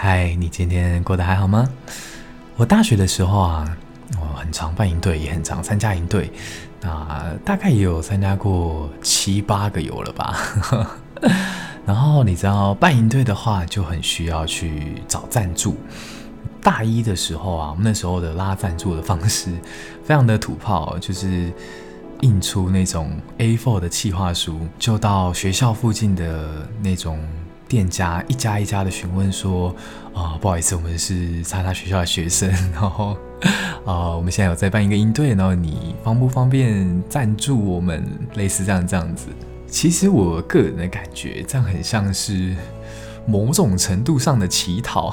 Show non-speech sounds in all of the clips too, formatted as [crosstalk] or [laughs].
嗨，你今天過得還好嗎？我大學的時候啊，我很常辦營隊，也很常參加營隊，啊，大概也有參加過七八個游了吧。 [laughs] 然後你知道，辦營隊的話就很需要去找贊助。大一的時候啊，我們那時候的拉贊助的方式非常的土炮，就是印出那種 A4 的企劃書，就到學校附近的那種。店家一家一家的詢問說：“啊，不好意思，我們是其他學校的學生，然後啊，我們現在有在辦一個營隊，然後你方不方便贊助我們？類似這樣這樣子。其實我個人的感覺，這樣很像是某種程度上的乞討，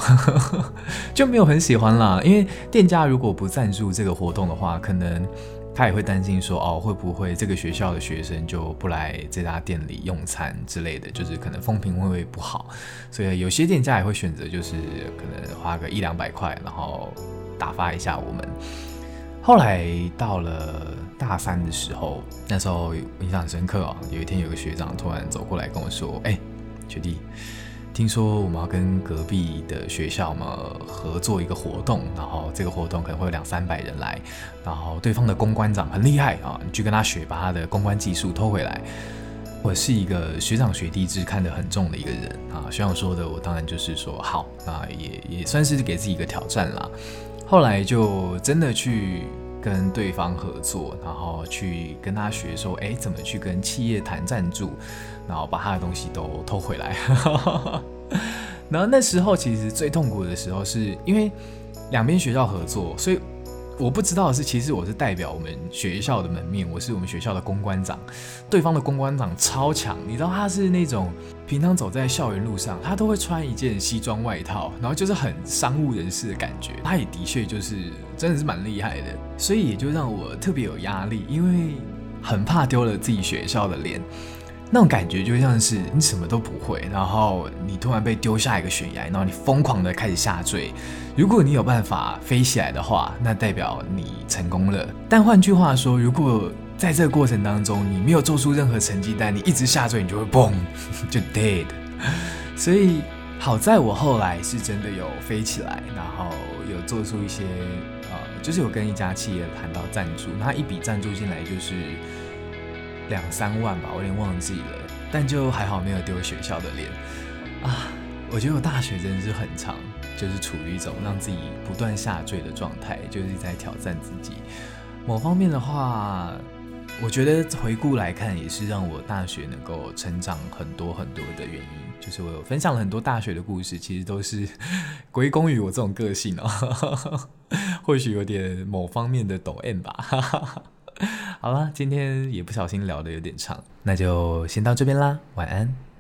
就沒有很喜歡啦。因為店家如果不贊助這個活動的話，可能。”他也會擔心說，哦，會不會這個學校的學生就不來這家店裡用餐之類的，就是可能風評會不好，所以有些店家也會選擇，就是可能花個一兩百塊，然後打發一下我們。後來到了大三的時候，那時候印象很深刻哦，有一天有個學長突然走過來跟我說，哎，學弟。聽說我們要跟隔壁的學校嘛合作一個活動，然後這個活動可能會有兩三百人來，然後對方的公關長很厲害啊，你去跟他學，把他的公關技術偷回來。我是一個學長學弟制看得很重的一個人啊，學長說的，我當然就是說好啊，那也也算是給自己一個挑戰啦。後來就真的去。跟對方合作，然後去跟他學說，哎，怎麼去跟企業談贊助，然後把他的東西都偷回來。 [laughs] 然後那時候其實最痛苦的時候，是因為兩邊學校合作，所以。我不知道的是，其實我是代表我們學校的門面，我是我們學校的公關長。對方的公關長超強，你知道他是那種平常走在校園路上，他都會穿一件西裝外套，然後就是很商務人士的感覺。他也的確就是真的是蠻厲害的，所以也就讓我特別有壓力，因為很怕丟了自己學校的臉。那種感覺就像是你什麼都不會，然後你突然被丟下一個懸崖，然後你瘋狂的開始下墜。如果你有辦法飛起來的話，那代表你成功了。但換句話說，如果在這個過程當中你沒有做出任何成績，但你一直下墜，你就會嘣就 dead。所以好在我後來是真的有飛起來，然後有做出一些呃，就是有跟一家企業談到贊助，那一筆贊助進來就是。兩三萬吧，我有點忘記了，但就還好沒有丟學校的臉啊！我覺得我大學真的是很長，就是處於一種讓自己不斷下墜的狀態，就是在挑戰自己。某方面的話，我覺得回顧來看，也是讓我大學能夠成長很多很多的原因。就是我有分享了很多大學的故事，其實都是歸功於我這種個性哦，呵呵，或許有點某方面的抖 M 吧。呵呵好啦，今天也不小心聊的有點長，那就先到這邊啦，晚安。